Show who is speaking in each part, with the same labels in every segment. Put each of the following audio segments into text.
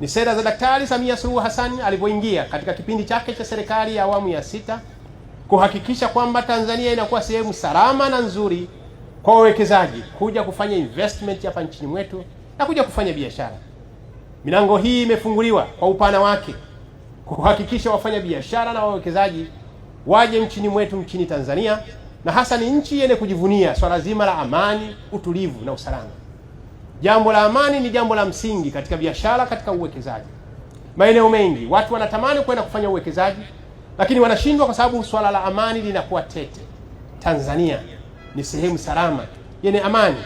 Speaker 1: Ni sera za Daktari Samia Suluhu Hassan alipoingia katika kipindi chake cha serikali ya awamu ya sita kuhakikisha kwamba Tanzania inakuwa sehemu salama na nzuri kwa wawekezaji kuja kufanya investment hapa nchini mwetu na kuja kufanya biashara. Milango hii imefunguliwa kwa upana wake kuhakikisha wafanya biashara na wawekezaji waje nchini mwetu, nchini Tanzania, na hasa ni nchi yenye kujivunia swala so zima la amani, utulivu na usalama. Jambo la amani ni jambo la msingi katika biashara, katika uwekezaji. Maeneo mengi watu wanatamani kwenda kufanya uwekezaji, lakini wanashindwa kwa sababu swala la amani linakuwa tete. Tanzania ni sehemu salama yenye amani,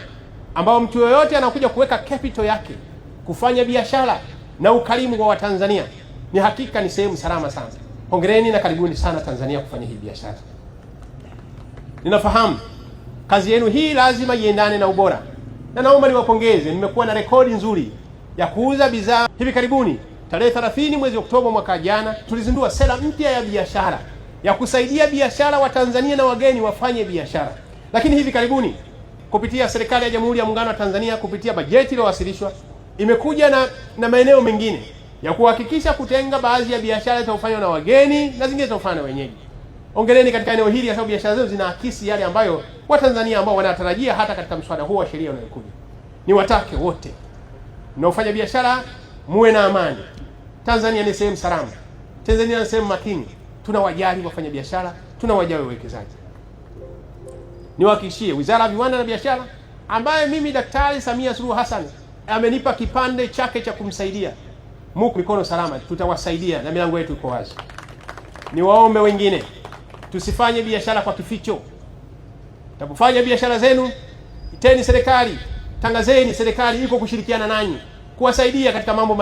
Speaker 1: ambayo mtu yoyote anakuja kuweka capital yake kufanya biashara na ukarimu kwa Watanzania, ni hakika ni sehemu salama sana. Hongereni na karibuni sana Tanzania kufanya hii biashara. Ninafahamu kazi yenu hii lazima iendane na ubora na naomba niwapongeze, mmekuwa na rekodi nzuri ya kuuza bidhaa. Hivi karibuni tarehe 30 mwezi Oktoba mwaka jana tulizindua sera mpya ya biashara ya kusaidia biashara wa Tanzania na wageni wafanye biashara. Lakini hivi karibuni kupitia serikali ya Jamhuri ya Muungano wa Tanzania kupitia bajeti iliyowasilishwa imekuja na, na maeneo mengine ya kuhakikisha kutenga baadhi ya biashara zinazofanywa na wageni na zingine zinazofanywa na wenyeji ongeleni katika eneo hili, kwa sababu biashara zenu zinaakisi yale ambayo Watanzania ambao wanatarajia hata katika mswada huu wa sheria unayokuja. Ni watake wote mnaofanya biashara muwe na amani. Tanzania ni sehemu salama, Tanzania ni sehemu makini. Tunawajali wafanyabiashara, tunawajali wawekezaji. Niwahakikishie Wizara ya Viwanda na Biashara ambaye mimi Daktari Samia Suluhu Hassan amenipa kipande chake cha kumsaidia, muko mikono salama, tutawasaidia na milango yetu iko wazi. Niwaombe wengine Tusifanye biashara kwa kificho. Tapofanya biashara zenu, iteni serikali, tangazeni serikali iko kushirikiana nanyi kuwasaidia katika mambo